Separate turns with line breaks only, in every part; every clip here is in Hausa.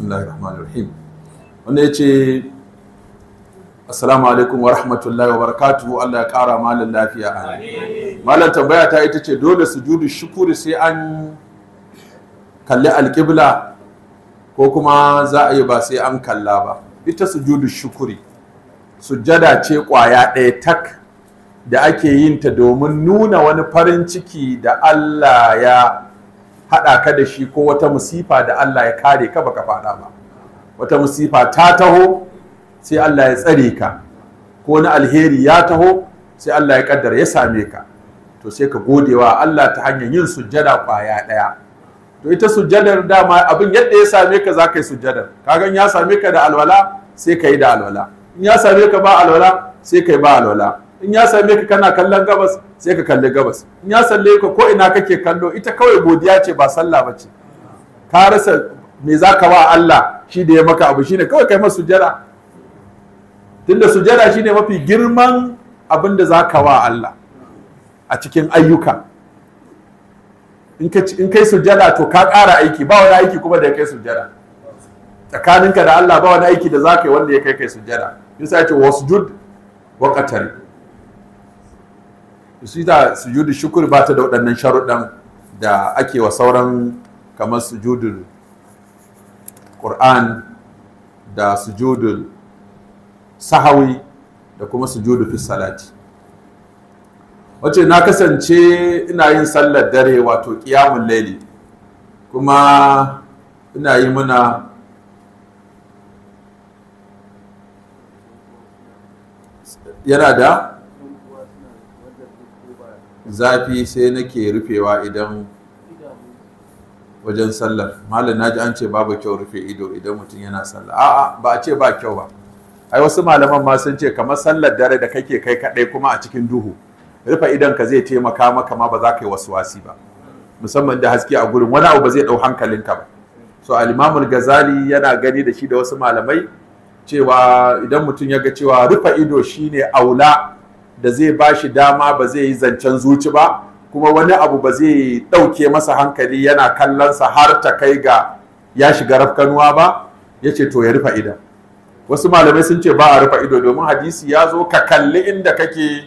bismillahirrahmanirrahim wanda yace assalamu alaikum wa rahmatullahi wa barakatuhu Allah ya kara malam lafiya amin malam tambaya ta ita ce dole su sujudu shukuri sai an kalli alƙibla ko kuma za a yi ba sai an kalla ba ita su sujudu shukuri sujada ce ƙwaya ɗaya tak da ake yin ta domin nuna wani farin ciki da Allah ya haɗa ka da shi ko wata musifa da Allah ya kare ka baka faɗa ba wata musifa ta taho sai Allah ya tsare ka ko na alheri ya taho sai Allah ya kaddara ya same ka to sai ka godewa Allah ta hanyar yin sujjada kwaya ɗaya to ita sujjadar dama abin yadda ya same ka za ka yi sujjadar kagan ya same ka da alwala sai ka yi da alwala in ya same ka ba alwala sai ka yi ba alwala in ya same ka kana kallon gabas sai ka kalli gabas in ya salle ka ko ina kake kallo ita kawai godiya ce ba sallah ba ce ka rasa me za ka ba Allah shi da ya maka abu shine kawai kai masa sujada tunda sujada shine mafi girman abin da za ka ba Allah a cikin ayyuka in kai sujada to ka ƙara aiki ba wani aiki kuma da ya kai sujada tsakaninka da Allah ba wani aiki da za ka yi wanda ya kai kai sujada in ya ce wasjud wa qatari shi da sujudu shukuri ba ta da waɗannan sharuɗan da ake wa sauran kamar sujudul Qur'an da sujudul sahawi da kuma sujudu fi salati wace na kasance ina yin sallar dare wato ƙiyamun laili kuma ina yi muna yana da zafi sai nake rufewa idan wajen sallar malam naji an ce babu kyau rufe ido idan mutum yana sallar. a'a ba a ce ba kyau ba ai wasu malaman ma sun ce kamar sallar dare da kake kai kadai kuma a cikin duhu rufe idan ka zai taimaka maka ma ba za ka yi wasu wasi ba musamman da haske a gurin wani abu ba zai dau ta ba so al-imamul ghazali yana gani da shi da wasu malamai cewa idan mutum ya ga cewa rufe ido shine aula da zai ba shi dama ba zai yi zancen zuci ba kuma wani abu ba zai ɗauke masa hankali yana kallonsa har ta kai ga ya shiga rafkanuwa ba ya ce to ya rufe idan wasu malamai sun ce ba a rufe ido domin hadisi ya zo ka kalli inda kake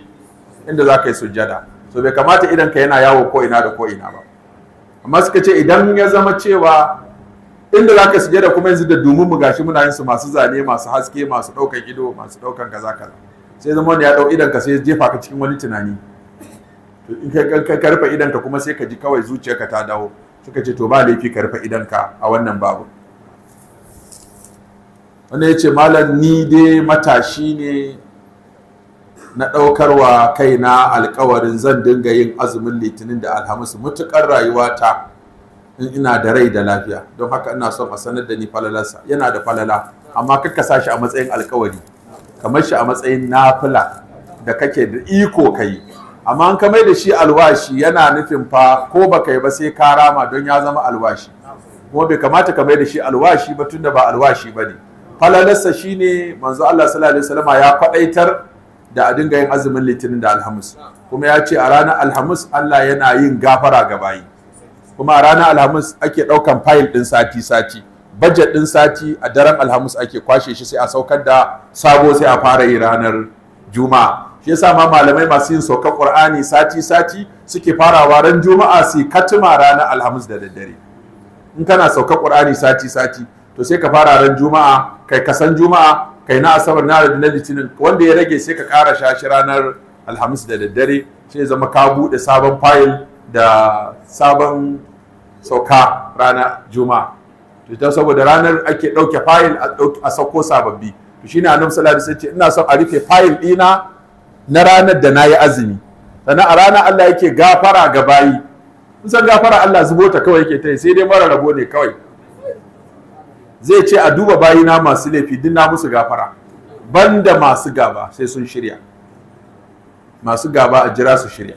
inda za ka yi sujjada so bai kamata idan ka yana yawo ko ina da ko ina ba amma suka ce idan ya zama cewa inda za ka sujjada kuma yanzu da dumin mu gashi muna yin su masu zane masu haske masu ɗaukan ido masu ɗaukan kaza kaza sai zama wanda ya dau idan ka sai jefa ka cikin wani tunani in ka rufe idan kuma sai ka ji kawai ka ta dawo suka ce to ba laifi ka rufe idan ka a wannan babu wani ya ce malam ni dai matashi ne na ɗaukar ɗaukarwa kaina alkawarin zan dinga yin azumin litinin da alhamis mutuƙar rayuwata
in ina da rai da lafiya
don haka ina son a sanar da ni falalarsa yana da falala amma kakka sa shi a matsayin alkawari kamar shi a matsayin nafila da kake da iko kayi. amma an kamar da shi alwashi yana nufin fa ko ba kai ba sai ka rama don ya zama alwashi kuma bai kamata ka da shi alwashi ba tunda ba alwashi ba ne falalarsa ne manzo Allah sallallahu alaihi wasallam ya kwadaitar da a dinga yin azumin litinin da alhamis kuma ya ce a ranar alhamis Allah yana yin gafara ga bayi kuma a ranar alhamis ake daukan fayil din sati-sati budget din sati a daren alhamis ake kwashe shi sai a saukar da sabo sai a fara yi ranar juma'a shi yasa ma malamai masu yin saukar qur'ani sati sati suke farawa ran juma'a su katima ranar alhamis da daddare in kana saukar qur'ani sati sati to sai ka fara ran juma'a kai kasan juma'a kai na asabar na na litinin wanda ya rage sai ka kara shashi ranar alhamis da daddare sai zama ka bude sabon fayil da sabon sauka ranar juma'a to ta saboda ranar ake ɗauke fayil a sauko sababbi to shine annab sallallahu alaihi wasallam ina son a rufe fayil ɗina na ranar da nayi azumi sannan a ranar Allah yake gafara ga bayi in san gafara Allah zubo ta kawai yake ta sai dai mara rabo ne kawai zai ce a duba bayina masu laifi din na musu gafara banda masu gaba sai sun shirya masu gaba a jira su shirya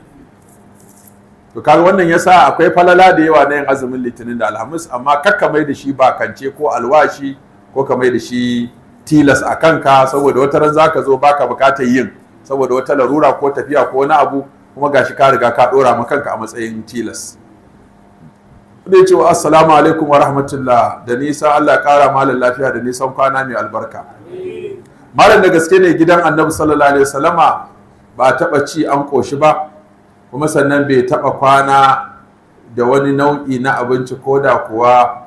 to kaga wannan yasa akwai falala da yawa na yin azumin litinin da alhamis amma kakka mai da shi bakance ko alwashi ko ka mai da shi tilas a kanka saboda wata ran zaka zo baka bukatar yin saboda wata larura ko tafiya ko wani abu kuma gashi ka riga ka dora ma kanka a matsayin tilas da cewa assalamu alaikum wa rahmatullah da nisan Allah kara malam lafiya da nisan kwana mai albarka malam da gaske ne gidan annabi sallallahu alaihi wasallama ba taba ci an koshi ba kuma sannan bai taɓa kwana da wani nau'i na abinci ko da kuwa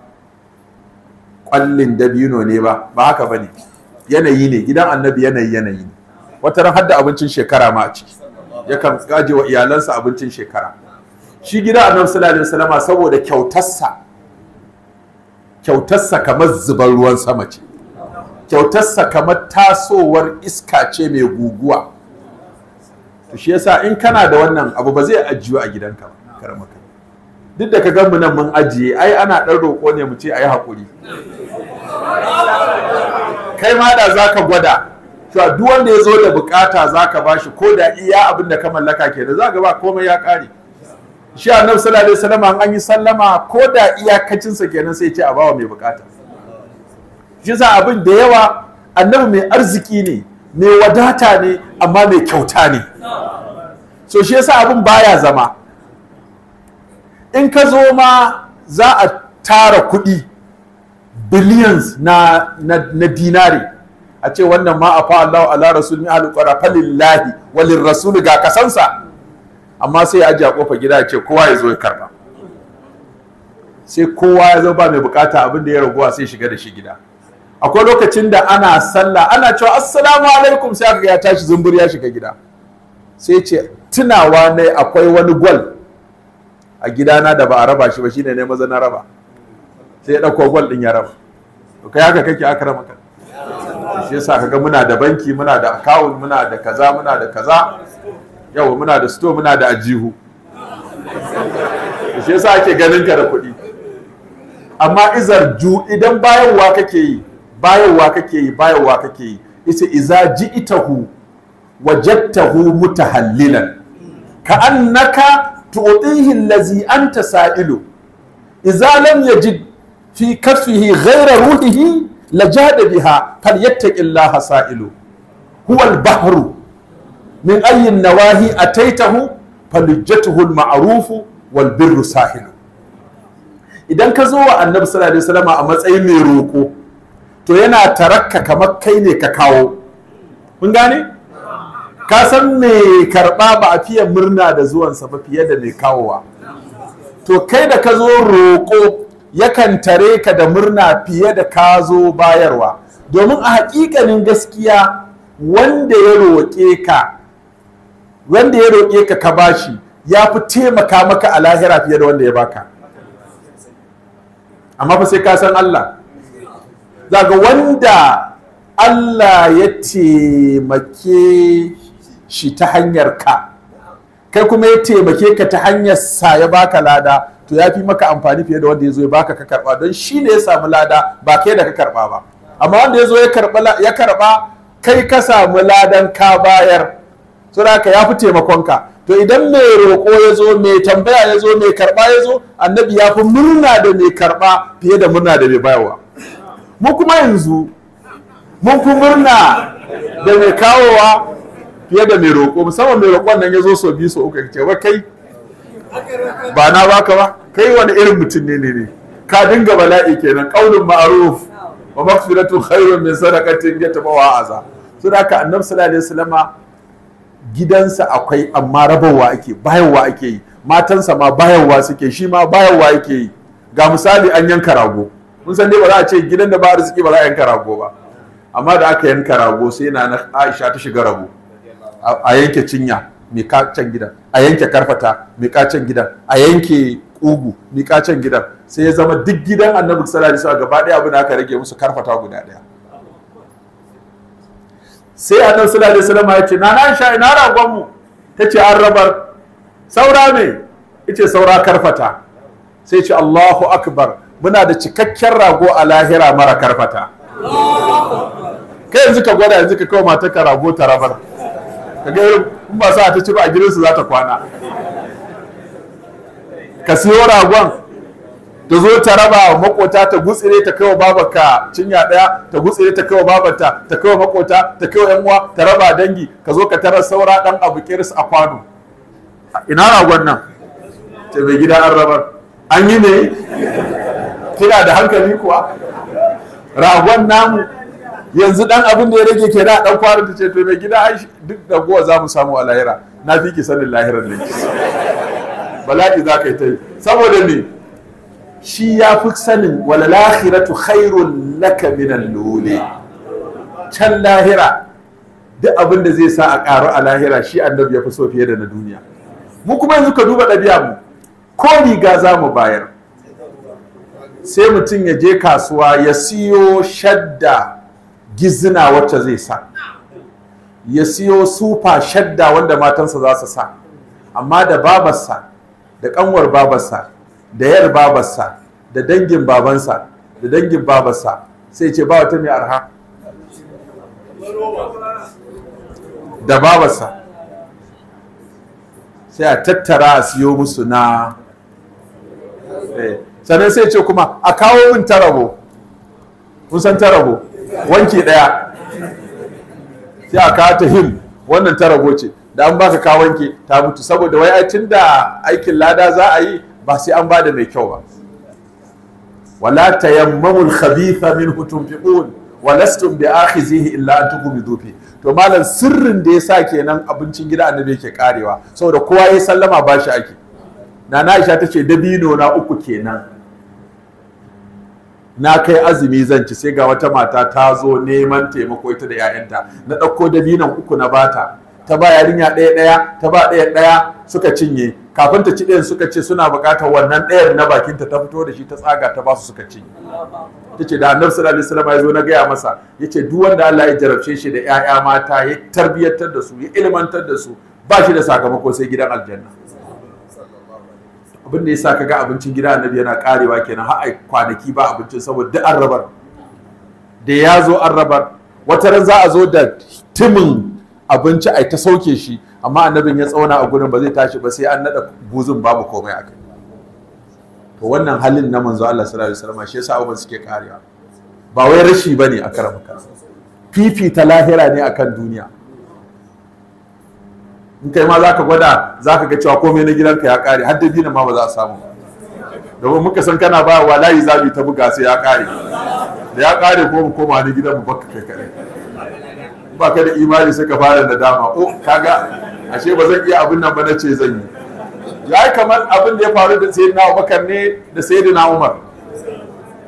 ƙwallin dabino ne ba ba haka ba ne yanayi ne gidan annabi yanayi yanayi ne wata ran hadda abincin shekara ma a ciki yakan kaje wa iyalansa abincin shekara shi gidan annabi sallallahu alaihi wasallama saboda kyautarsa kyautarsa kamar zubar ruwan sama ce kyautarsa kamar tasowar iska ce mai guguwa to shi yasa in kana da wannan abu ba zai ajiyo a gidanka ba karama duk da ka gan mu nan mun ajiye ai ana dan roƙo ne mu ce ayi hakuri kai ma da zaka gwada cewa duk wanda ya zo da bukata zaka bashi ko da iya abin da ka mallaka ke da zaka ba komai ya kare shi annabi sallallahu alaihi wasallam an yi sallama ko da iyakacinsa kenan sai ya ce a bawa mai bukata shi yasa abin da yawa annabi mai arziki ne mai wadata ne amma mai kyauta ne so shi yasa abin baya zama in ka zo ma za a tara kuɗi billions na, na, na dinari a ce wannan ma a fa'allahu ala rasul mihal qara walin rasul ga kasansa amma sai aji a kofa gida ce kowa ya zo ya karba sai kowa ya zo ba mai bukata abin da ya raguwa sai shiga da shi gida akwai lokacin da ana sallah ana cewa assalamu alaikum sai aka ya tashi zumbur ya shiga gida sai ce tunawa ne akwai wani gwal a gidana da ba a raba shi ba shine ne maza na raba sai ya ɗauko gwal din ya raba to kai haka kake aka raba ka shi yasa kaga muna da banki muna da account muna da kaza muna da kaza yawa muna da store muna da ajihu shi yasa ake ganin ka da kuɗi amma izar ju idan bayanwa kake yi bayarwa kake yi bayarwa kake yi isa iza hu muta mutahallilan ka annaka tu'tihi allazi anta sa'ilu iza lam ji fi kasfihi ghayra ruhihi lajada biha falyattaqi allaha sa'ilu huwa al-bahru min ayin nawahi a ataitahu falujjatuhu al ma'arufu wal birru sahilu idan ka zo wa annabi sallallahu alaihi wasallam a matsayin mai roko to yana tarakka kamar kai ne ka kawo kun gane ka san mai karɓa ba a fiye murna da zuwansa ba fiye da mai kawowa to kai da ka zo roƙo yakan tare ka da murna fiye da ka zo bayarwa domin a haƙiƙanin gaskiya wanda ya roƙe ka wanda ya roƙe ka ka bashi ya fi taimaka maka a lahira fiye da wanda ya baka amma fa sai ka san Allah zaga wanda Allah ya taimake shi ta hanyar ka kai kuma ya taimake ka ta hanyar sa ya baka lada to ya fi maka amfani fiye da wanda ya zo ya baka ka karba don shi ne ya samu lada ba kai da ka karba ba amma wanda ya zo ya karba kai ka samu ladan ka bayar so da ya fi ka. to idan mai roƙo ya zo mai tambaya ya zo mai karba ya zo annabi ya fi murna da mai karba fiye da murna da mai bayarwa mu kuma yanzu mun fi murna da mai kawowa fiye da mai roƙo musamman mai roƙon nan ya zo so biyu so uku ce kai ba na baka ba kai wani irin mutum ne ne ka dinga bala'i kenan qaulun ma'ruf wa maghfiratu khairun min sadaqatin yatabawa aza so da haka annabi sallallahu alaihi wasallama gidansa akwai amma rabawa ake bayarwa ake yi matansa ma bayarwa suke shi ma bayarwa ake yi ga misali an yanka rago mun san dai ba za a ce gidan da ba arziki ba za a yanka rago ba amma da aka yanka rago sai na na Aisha ta shiga rago a yanke cinya mai kacen gidan a yanke karfata mai kacen gidan a yanke ugu mai kacen gidan sai ya zama duk gidan annabi sallallahu alaihi wasallam gaba daya abin aka rage musu karfata guda daya sai annabi sallallahu alaihi wasallam ya ce na na Aisha ina ragon mu tace an rabar saura me yace saura karfata sai ce Allahu akbar muna da cikakken rago a lahira mara karfata kai yanzu ka gwada yanzu ka kawo mata ka rago ta rabar ka ga in ba sa ta ci ba a gidansu za ta kwana ka siyo ragon ta zo ta raba makota ta gutsire ta kawo babarka cinya daya ta gutsire ta kawo babata ta kawo makota ta kawo yan uwa ta raba dangi ka zo ka tarar saura dan abu kiris a kwano ina ragon nan ta mai gida an rabar an yi ne kina da hankali kuwa ragon namu yanzu dan abin da ya rage ke na dan kwara ta ce to mai gida ai duk da guwa za mu samu a lahira na fi ki sanin lahirar ne bala'i za ka yi ta yi saboda me shi ya fi sanin wala lahiratu khairun laka lule can lahira duk abin da zai sa a ƙaru a lahira shi annabi ya fi so fiye da na duniya mu kuma yanzu ka duba ɗabi'a mu ko riga za mu bayar sai mutum ya je kasuwa ya siyo shadda gizina wacce zai sa ya siyo sufa shadda wanda matansa za su sa amma da babarsa da kanwar babarsa da yar babarsa da dangin babansa da dangin babarsa sai ce ba wata mai arha da babarsa sai a tattara a siyo musu na eh, sannan sai ce kuma a kawo min tarabo kun san tarabo wanki daya sai a kawo ta him wannan tarabo ce da an baka ka wanki ta mutu saboda wai ai da aikin lada za a yi ba sai an bada mai kyau ba wala tayammamul khabitha minhu tunfiqun walastum bi akhizihi illa an tukumidu fi to malam sirrin da yasa kenan abincin gida annabi yake karewa saboda kowa ya sallama bashi ake nana Aisha tace dabino na uku kenan na kai azumi zan ci sai ga wata mata ta zo neman taimako ita da 'ya'yanta na ɗauko dabinan uku na bata ta ba yarinya ɗaya ɗaya ta ba ɗaya ɗaya suka cinye kafin ta ci ɗayan suka ce suna buƙatar wannan ɗayar na bakinta ta fito da shi ta tsaga ta ba su suka cinye ta ce da annabi sallallahu alaihi wasallam ya zo na gaya masa ya ce duk wanda Allah ya jarabce shi da 'ya'ya mata ya tarbiyyantar da su ya ilmantar da su ba shi da sakamako sai gidan aljanna abin da sa kaga abincin gida annabi yana karewa kenan har ai kwanaki ba abincin saboda duk arrabar da ya zo an wata ran za a zo da timin abinci ai ta sauke shi amma annabin ya tsauna a gurin ba zai tashi ba sai an nada buzun babu komai kai to wannan halin na manzo Allah sallallahu alaihi wasallam shi yasa abubuwan suke karewa ba wai rashi bane a Fifi ta lahira ne akan duniya in kai ma zaka gwada zaka ga cewa komai na gidanka ya kare har dabino ma ba za a samu domin muka san kana ba wa layi zabi ta buga sai ya kare da ya kare ko mu koma ni gidan mu baka kai kare ba ka da imani sai ka fara da dama o oh, kaga ashe ba zan iya abin nan ba na ce zan yi ya kamar abin da ya faru da sayyidina Abubakar ne da sayyidina Umar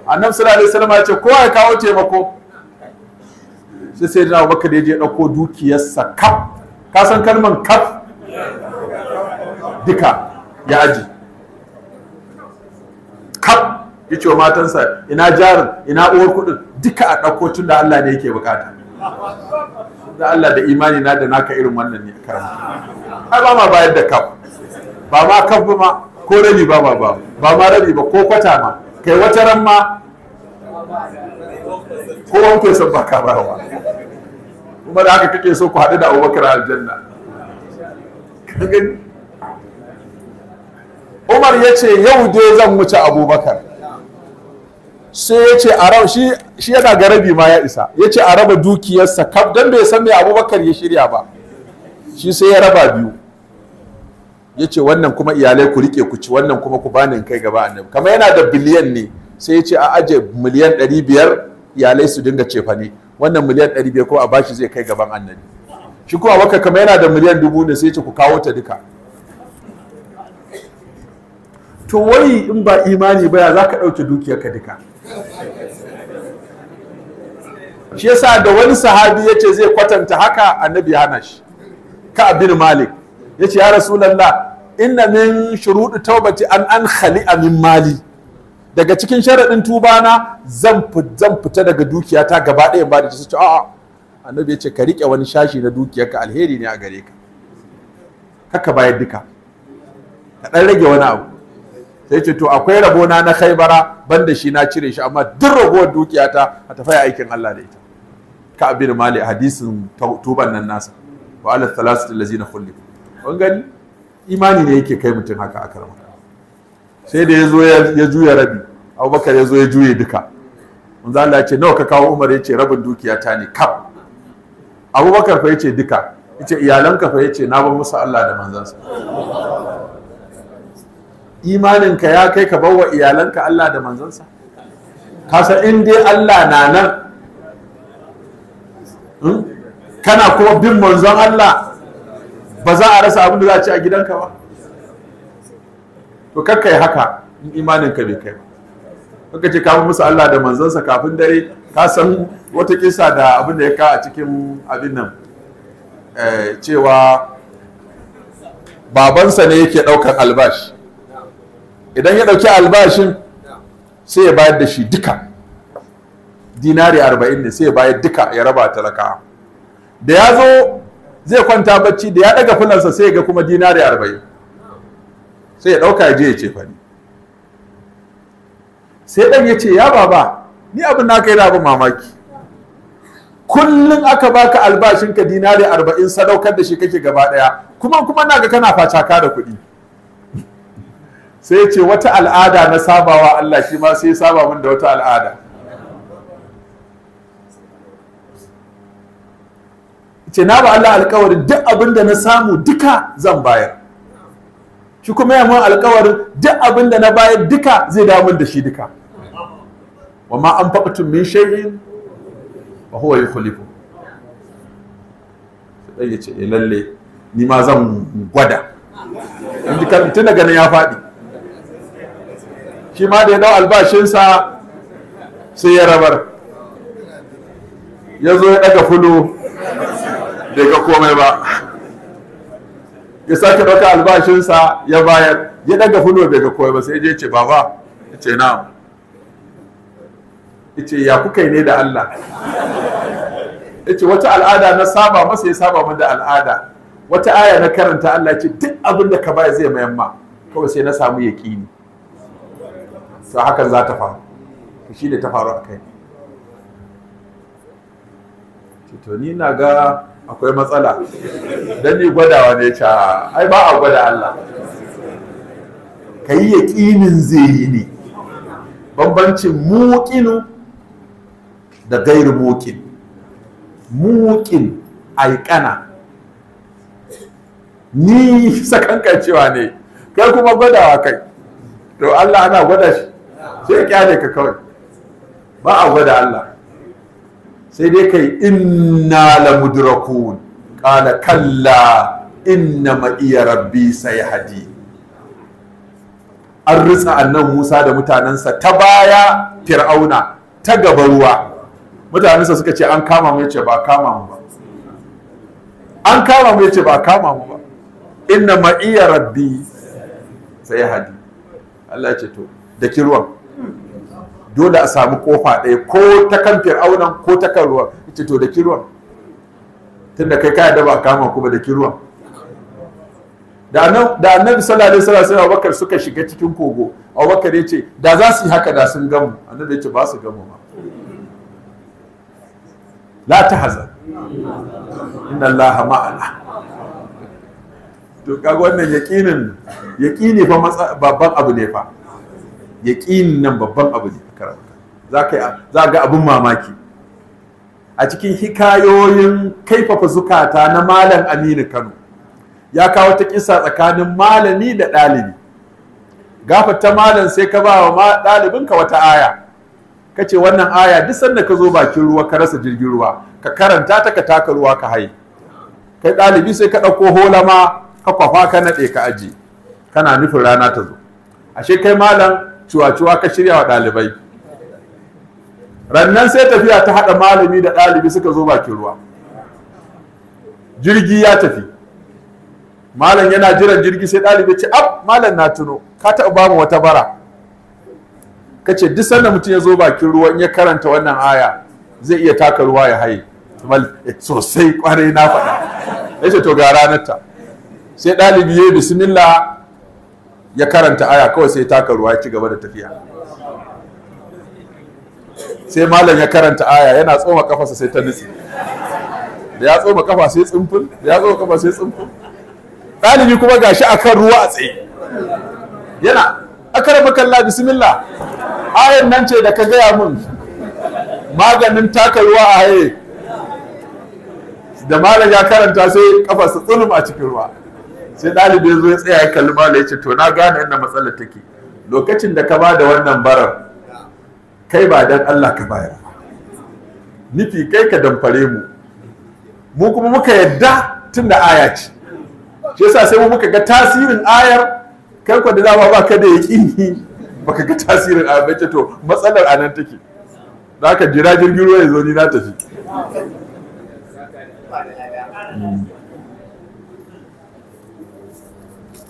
annabi sallallahu alaihi wasallam ya ce ko ya kawo taimako sai sayyidina Abubakar ya je dauko dukiyarsa kaf ka san kalman kaf duka ya aji kaf ya ce wa matansa ina jarin ina uwar kudin duka a ɗauko tun da Allah ne yake bukata da Allah da imani na da naka irin wannan ne karanta ai ba ma bayar da kaf ba ma kaf ba ma ko rabi ba ba ba ba ma rabi ba ko kwata ma kai wata ran ma ko wanke sabba ka ba kuma da haka kake so ku haɗu da abubakar aljanna umar ya ce yau dai zan wuce abubakar sai ya ce a raba shi yana ga rabi ma ya isa ya ce a raba dukiyarsa kaf don bai san mai abubakar ya shirya ba shi sai ya raba biyu ya ce wannan kuma iyalai ku rike ku ci wannan kuma ku bani kai gaba annabi kamar yana da biliyan ne sai ya ce a ajiye miliyan biyar iyalai su dinga cefane wannan miliyan ɗari biyar ko a bashi zai kai gaban annabi shi kuma waka kama yana da miliyan dubu ne sai ce ku kawo ta duka to wai in ba imani baya za ka ɗauke ka duka shi yasa da wani sahabi ya ce zai kwatanta haka annabi hana shi ka abin malik ya ce ya rasulallah inna min shuruɗu taubati an an khali'a min mali daga cikin sharaɗin tuba na zan zan fita daga dukiyata gaba ɗaya ba da su ce a'a annabi ya ce ka riƙe wani shashi na dukiyarka alheri ne a gare ka Haka bayar duka ka ɗan rage wani abu sai ce to akwai rabona na khaibara banda shi na cire shi amma duk ragowar dukiyata a tafi aikin Allah da ita ka abin mali hadisin tuban nan nasa wa ala thalathati allazina khulli kun gani imani ne yake kai mutum haka a karama sai da ya zo ya juya rabi abubakar ya zo ya juye duka manzo Allah ya ce nawa ka kawo umar ya ce rabin dukiya ta ne kaf abubakar fa ya ce duka ya ce iyalanka fa ya ce na bar musu Allah da manzansa imaninka ya kai ka bawa iyalanka Allah da manzansa kasa in dai Allah na nan hmm, kana kuma bin manzon Allah ba za a rasa abin da za a ci a gidanka ba to kakka yi haka in imanin ka bai kai ba kakka ce kafin musu Allah da manzansa kafin dare ka san wata kisa da abin da ya ka a cikin abin nan eh, cewa babansa ne yake ɗaukar albashi idan ya ɗauki albashin sai ya bayar da shi duka dinari arba'in ne sai ya bayar duka ya raba talaka da ya zo zai kwanta bacci da ya ɗaga fulansa sai ya ga kuma dinari arba'in sai ya ɗauka je ya ce fani sai ɗan ya ce ya baba ni abin na kai abin mamaki kullum aka baka albashin albashinka dinari arba'in sadaukar da shi kake gaba ɗaya kuma kuma na ga kana facaka da kuɗi sai ya ce wata al'ada na sabawa Allah shi ma sai ya saba min da wata al'ada ce na ba Allah alkawarin duk abin da na samu duka zan bayar shi kuma ya mun alkawarin duk abin da na bayar duka zai damun da shi duka wa ma an faɓatun min shay'in wa huwa kulifu sai ya ce eh, lalle ni ma zan gwada in ji kan tun daga nan ya faɗi shi ma da ya dau albashinsa sai ya rabar ya zo ya ɗaga fulo bai komai ba ya sake ɗauka albashinsa ya bayar ya ɗaga fulo bai ga koyi ba sai je ce baba ya ce na ya ce ya kuka ne da Allah ya ce wata al'ada na saba masa ya saba mu da al'ada wata aya na karanta Allah ce duk abin da ka baya zai mayamma kawai sai na samu ne. Sa hakan za ta faru shi ne ta faru a kai to ni na ga akwai matsala don ni gwadawa ne ca ai ba a gwada Allah ka yi yaƙinin zai yi ne bambancin muƙinu da gairu muƙin muƙin aikana ni cewa ne kai kuma gwadawa kai to Allah ana gwada shi sai kyale ka kawai ba a gwada Allah sai dai kai inna la mudrakun qala kalla inna ma iya rabbi sayhadi an ritsa annan Musa da mutanansa ta baya fir'auna ta gaba ruwa mutanansa suka ce an kama mu yace ba kama mu ba an kama mu yace ba kama mu ba inna ma iya rabbi sayhadi Allah ya ce to da kirwan dole a samu kofa ɗaya ko ta kan fir'aunan ko ta kan ruwan ita to da kiruwan tunda kai ka da ba kama kuma da kiruwan da annabi sallallahu alaihi wasallam abubakar suka shiga cikin kogo abubakar ya ce da za su yi haka da sun gamu da ya ce ba su gamu ba la ta tahzan inna laha ma'ana to kaga wannan yaqinin yaqini fa babban abu ne fa yaqinin nan babban abu ne za ga abin mamaki a cikin hikayoyin kaifafa zukata na malam aminu kano ya kawo ta kisa tsakanin malami da ɗalibi gafata malam sai ka ba wa ɗalibinka wata aya ka ce wannan aya duk sanda ka zo bakin ruwa ka rasa jirgin ruwa ka karanta ta ka taka ruwa ka hai kai ɗalibi sai ka ɗauko holama ka kwafa ka naɗe ka aji kana nufin rana ta zo ashe kai malam cuwa-cuwa ka shirya wa ɗalibai rannan sai tafiya ta haɗa malami da ɗalibi suka zo bakin ruwa jirgi ya tafi malam yana jiran jirgi sai ɗalibi ce ab malam na tuno ka taɓa ba mu wata bara ka ce duk sanda mutum ya zo bakin ruwa in ya karanta wannan aya zai iya taka ruwa ya haye eh, sosai kwarai na faɗa ya ce to ga ranar ta sai ɗalibi ya yi bismillah ya karanta aya kawai sai taka ruwa ya ci gaba da tafiya sai malam ya karanta aya yana tsoma kafarsa sai ta nutse da ya tsoma kafa sai tsumfin da ya tsoma kafa sai tsumfin ɗalibi kuma gashi akan ruwa a tsaye yana akara makalla bismillah ayan nan ce da ka gaya mun maganin taka ruwa a haye da malam ya karanta sai kafarsa tsulum a cikin ruwa sai ɗalibi ya zo ya tsaya ya kalli malam ya ce to na gane inda matsalar take lokacin da ka ba da wannan barar kai ba dan Allah ka bayar nufi kai ka damfare mu mu kuma muka yadda tun da aya ce shi yasa sai mu muka ga tasirin ayar kai kwa da dama ba ka da ni baka ga tasirin ayar ba to matsalar a take da jira jirgin ruwa ya zo ni na tafi hmm.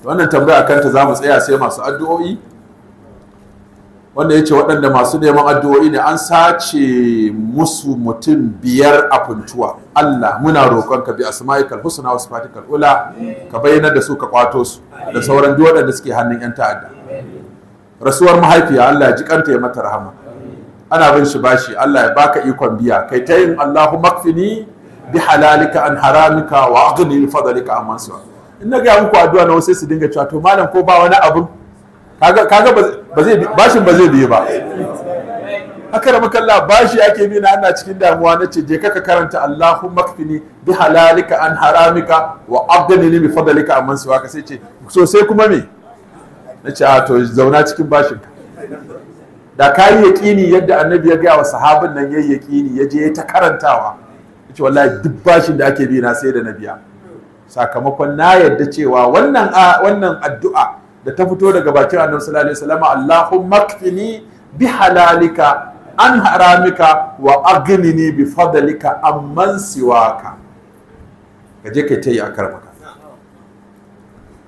wannan tambaya kanta za mu tsaya sai masu addu'o'i wanda ya ce waɗanda masu neman addu'o'i ne an sace musu mutum biyar a puntuwa Allah muna roƙon ka bi asma'ikal husna wasu sifatikal ula ka bayyana da su ka kwato su da sauran duk waɗanda suke hannun yan ta'adda rasuwar mahaifiya Allah ya ji kanta ya mata rahama ana bin shi bashi Allah ya baka ikon biya kai ta yin Allahu makfini bi halalika an haramika wa aghni fadlika in na ga muku addu'a na wasu su dinga cewa to malam ko ba wani abu kaga bashin ba zai biye ba haka da makalla bashi ake bi ana cikin damuwa na ce je kaka karanta Allahumma kfini bi halalika an haramika wa abdani bi fadlika amman ka sai ce so kuma me na ce a ah, to zauna cikin bashin ka. da ka yi yaƙini yadda annabi ya gaya wa sahabin nan yayi yaƙini ya je ta karantawa ya ce wallahi duk bashin da ake bi na sai da na biya sakamakon na yadda cewa wannan ah, addu'a da ta fito daga bakin annabi sallallahu alaihi wasallam Allahumma kfini bi halalika an haramika wa aghnini bi fadlika amman siwaka kaje kai tayi a karmaka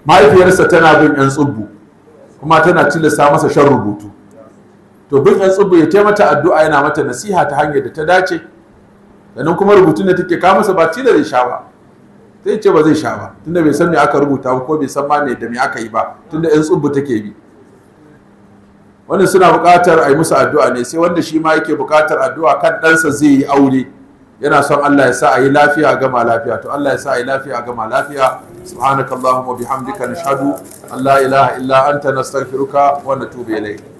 mahaifiyarsa tana bin yan tsubbu kuma tana tilasta masa shan rubutu to bin yan tsubbu ya taimata addu'a yana mata nasiha ta hanyar da ta dace sannan kuma rubutun da take kawo masa ba tilar sha ba zai ce ba zai sha ba tunda bai san me aka rubuta ba ko bai san ma me da me aka yi ba tunda yan tsubbu take bi wannan suna bukatar a yi musu addu'a ne sai wanda shi ma yake buƙatar addu'a kan ɗansa zai yi aure yana son Allah ya sa a yi lafiya a gama lafiya to Allah ya sa a yi lafiya a gama lafiya subhanakallahumma bihamdika nashhadu an la ilaha illa anta nastaghfiruka wa natubu ilayk